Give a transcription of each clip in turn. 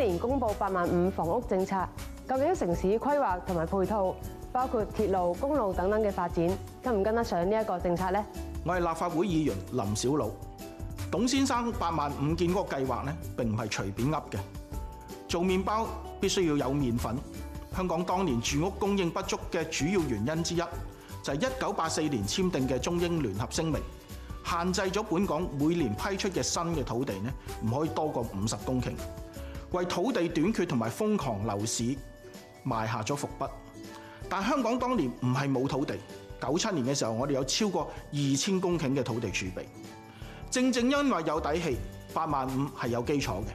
今年公布八萬五房屋政策，究竟城市規劃同埋配套，包括鐵路、公路等等嘅發展，跟唔跟得上呢一個政策呢？我係立法會議員林莜魯，董先生八萬五建屋計劃呢，並唔係隨便噏嘅。做麵包必須要有麵粉。香港當年住屋供應不足嘅主要原因之一，就係一九八四年簽訂嘅中英聯合聲明，限制咗本港每年批出嘅新嘅土地呢，唔可以多過五十公頃。為土地短缺同埋瘋狂樓市埋下咗伏筆，但香港當年唔係冇土地。九七年嘅時候，我哋有超過二千公頃嘅土地儲備。正正因為有底氣，八萬五係有基礎嘅。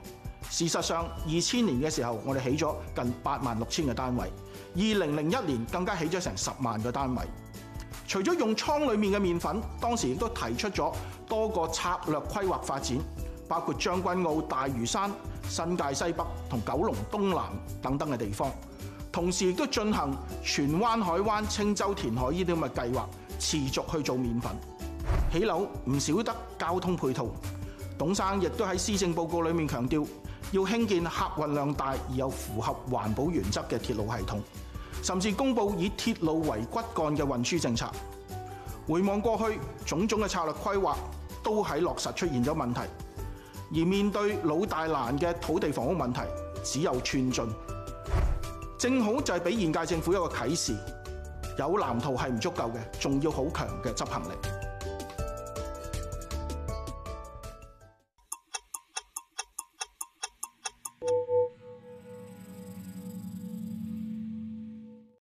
事實上，二千年嘅時候，我哋起咗近八萬六千個單位。二零零一年更加起咗成十萬個單位。除咗用倉裡面嘅麵粉，當時亦都提出咗多個策略規劃發展。包括將軍澳、大嶼山、新界西北同九龍東南等等嘅地方，同時亦都進行荃灣海灣、青洲填海呢啲咁嘅計劃，持續去做麵粉起樓，唔少得交通配套。董生亦都喺施政報告裡面強調，要興建客運量大而又符合環保原則嘅鐵路系統，甚至公佈以鐵路為骨幹嘅運輸政策。回望過去，種種嘅策略規劃都喺落實出現咗問題。而面對老大難嘅土地房屋問題，只有寸進，正好就係俾現屆政府一個啟示，有藍圖係唔足夠嘅，仲要好強嘅執行力。